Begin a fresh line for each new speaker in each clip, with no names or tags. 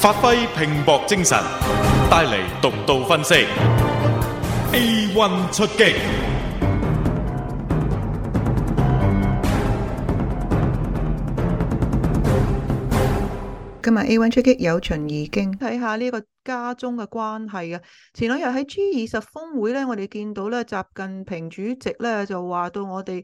發揮拼搏精神，帶嚟獨到分析。A one 出擊，
今日 A one 出擊有秦而經，睇下呢個加中嘅關係啊！前兩日喺 G 二十峰會咧，我哋見到咧，習近平主席咧就話到我哋。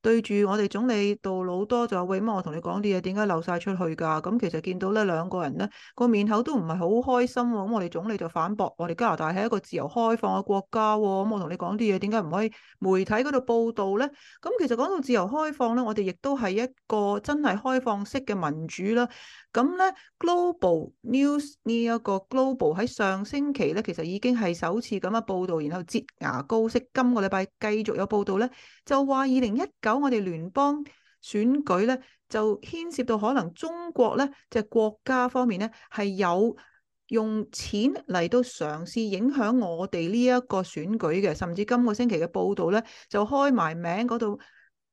對住我哋總理杜魯多就話：喂，乜我同你講啲嘢，點解漏晒出去㗎？咁、嗯、其實見到咧，兩個人咧個面口都唔係好開心、哦。咁、嗯、我哋總理就反駁：我哋加拿大係一個自由開放嘅國家、哦。咁、嗯、我同你講啲嘢，點解唔可以媒體嗰度報導呢？咁、嗯、其實講到自由開放呢，我哋亦都係一個真係開放式嘅民主啦。咁、嗯、呢 Global g l o b a l News 呢一個 Global 喺上星期呢，其實已經係首次咁樣報導，然後擠牙膏式。今個禮拜繼續有報導呢，就話二零一九，有我哋聯邦選舉咧，就牽涉到可能中國咧，即係、國家方面咧，係有用錢嚟到嘗試影響我哋呢一個選舉嘅，甚至今個星期嘅報道咧，就開埋名嗰度。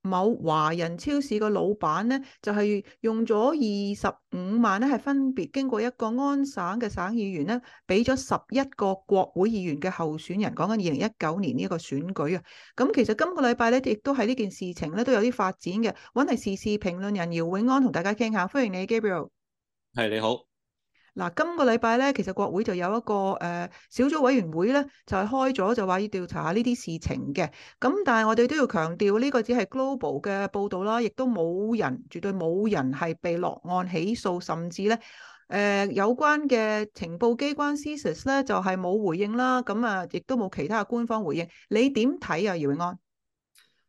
某華人超市嘅老闆咧，就係用咗二十五萬咧，係分別經過一個安省嘅省議員咧，俾咗十一個國會議員嘅候選人，講緊二零一九年呢一個選舉啊。咁其實今個禮拜咧，亦都係呢件事情咧，都有啲發展嘅。揾嚟時事評論人姚永安同大家傾下，歡迎你，Gabriel。
係你好。
嗱、啊，今個禮拜咧，其實國會就有一個誒、呃、小組委員會咧，就係開咗，就話要調查下呢啲事情嘅。咁但係我哋都要強調，呢個只係 Global 嘅報導啦，亦都冇人，絕對冇人係被落案起訴，甚至咧誒、呃、有關嘅情報機關 CSIS 咧就係、是、冇回應啦。咁啊，亦都冇其他嘅官方回應。你點睇啊，姚永安？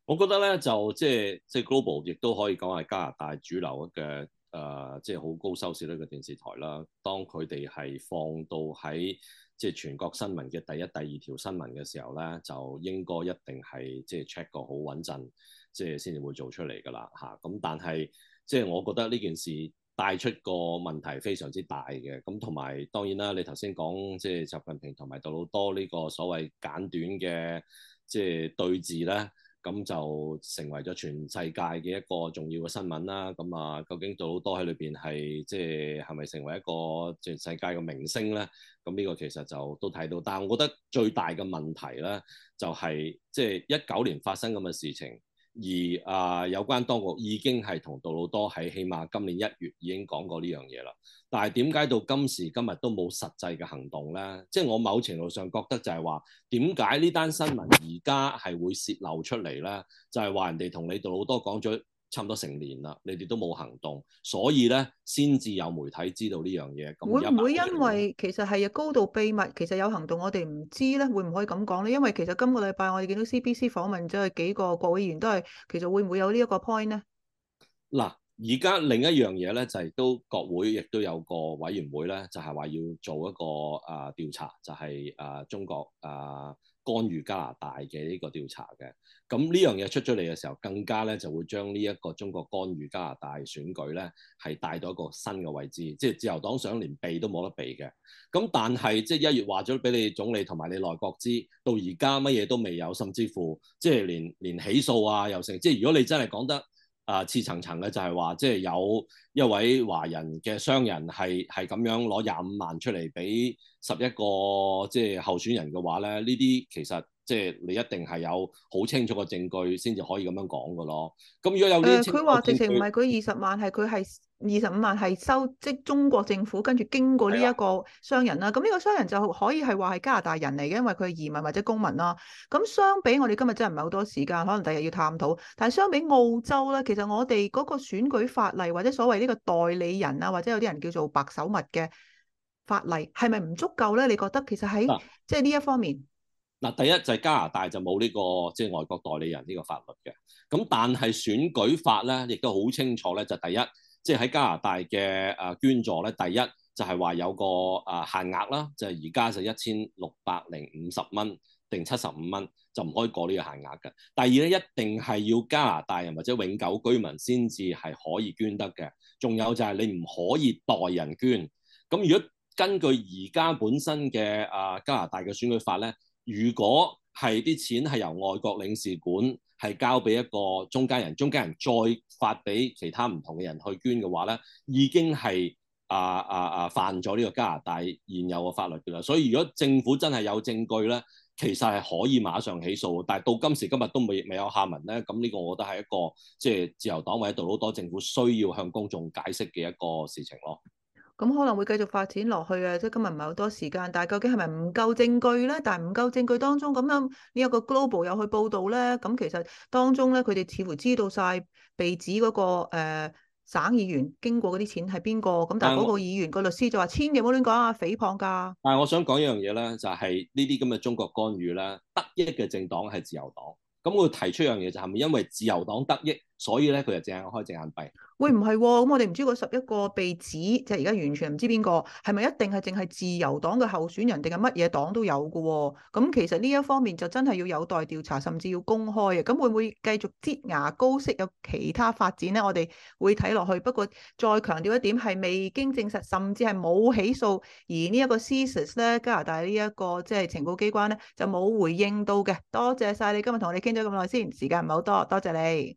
我覺得咧，就即係即係 Global，亦都可以講係加拿大主流嘅。誒、呃，即係好高收視率嘅電視台啦。當佢哋係放到喺即係全國新聞嘅第一、第二條新聞嘅時候咧，就應該一定係即係 check 過好穩陣，即係先至會做出嚟㗎啦。嚇、啊，咁但係即係我覺得呢件事帶出個問題非常之大嘅。咁同埋當然啦，你頭先講即係習近平同埋杜魯多呢個所謂簡短嘅即係對峙咧。咁就成為咗全世界嘅一個重要嘅新聞啦。咁啊，究竟做到多喺裏邊係即係係咪成為一個全世界嘅明星咧？咁呢個其實就都睇到，但係我覺得最大嘅問題咧，就係即係一九年發生咁嘅事情。而啊、呃，有關當局已經係同杜魯多喺起碼今年一月已經講過呢樣嘢啦，但係點解到今時今日都冇實際嘅行動咧？即係我某程度上覺得就係話，點解呢單新聞而家係會洩漏出嚟咧？就係話人哋同你杜魯多講咗。差唔多成年啦，你哋都冇行動，所以咧先至有媒體知道呢樣嘢。會唔會
因為其實係高度秘密，其實有行動我哋唔知咧？會唔可以咁講咧？因為其實今個禮拜我哋見到 CBC 訪問咗幾個國會議員都係其實會唔會有呢一個 point
咧？嗱。而家另一樣嘢咧，就係、是、都國會亦都有個委員會咧，就係、是、話要做一個啊調、呃、查，就係、是、啊、呃、中國啊、呃、干預加拿大嘅呢個調查嘅。咁、嗯、呢樣嘢出咗嚟嘅時候，更加咧就會將呢一個中國干預加拿大選舉咧，係帶到一個新嘅位置，即係自由黨想連避都冇得避嘅。咁、嗯、但係即係一月話咗俾你總理同埋你內閣知，到而家乜嘢都未有，甚至乎即係連連起訴啊又成，即係如果你真係講得，啊、呃，次層層嘅就係話，即係有一位華人嘅商人係係咁樣攞廿五萬出嚟俾十一個即係候選人嘅話咧，呢啲其實。即係你一定係有好清楚嘅證據先至可以咁樣講嘅咯。咁如果有誒，佢話直情唔係
佢二十萬，是是萬，係佢係二十五萬，係收即中國政府跟住經過呢一個商人啦。咁呢個商人就可以係話係加拿大人嚟嘅，因為佢係移民或者公民啦。咁相比我哋今日真係唔係好多時間，可能第日要探討。但係相比澳洲咧，其實我哋嗰個選舉法例或者所謂呢個代理人啊，或者有啲人叫做白手物嘅法例係咪唔足夠咧？你覺得其實喺、啊、即係呢一方面？
嗱，第一就係加拿大就冇呢個即係外國代理人呢個法律嘅。咁但係選舉法咧，亦都好清楚咧。就第一，即係喺加拿大嘅誒捐助咧，第一就係話有個誒限額啦，就係而家就一千六百零五十蚊定七十五蚊就唔可以過呢個限額嘅。第二咧，一定係要加拿大人或者永久居民先至係可以捐得嘅。仲有就係你唔可以代人捐。咁如果根據而家本身嘅誒加拿大嘅選舉法咧。如果係啲錢係由外國領事館係交俾一個中間人，中間人再發俾其他唔同嘅人去捐嘅話咧，已經係啊啊啊犯咗呢個加拿大現有嘅法律嘅啦。所以如果政府真係有證據咧，其實係可以馬上起訴。但係到今時今日都未未有下文咧，咁呢個我覺得係一個即係、就是、自由黨或者杜魯多政府需要向公眾解釋嘅一個事情咯。
咁可能會繼續發展落去啊！即係今日唔係好多時間，但係究竟係咪唔夠證據咧？但係唔夠證據當中咁樣，呢個 Global 有去報導咧，咁其實當中咧，佢哋似乎知道晒被指嗰、那個、呃、省議員經過嗰啲錢係邊個，咁但係嗰個議員個律師就話：千祈唔好亂講啊，誹謗㗎！但
係我想講一樣嘢咧，就係呢啲咁嘅中國干預咧，得益嘅政黨係自由黨。咁我提出一樣嘢就係咪因為自由黨得益？所以咧，佢就隻眼開隻眼閉。
喂，唔係咁，我哋唔知嗰十一個被指，即係而家完全唔知邊個係咪一定係淨係自由黨嘅候選人，定係乜嘢黨都有嘅、哦。咁其實呢一方面就真係要有待調查，甚至要公開嘅。咁會唔會繼續擠牙膏式有其他發展咧？我哋會睇落去。不過再強調一點，係未經證實，甚至係冇起訴，而 C 呢一個 CSIS 咧加拿大呢一個即係情報機關咧就冇回應到嘅。多謝晒你今日同我哋傾咗咁耐先，時間唔係好多，多謝你。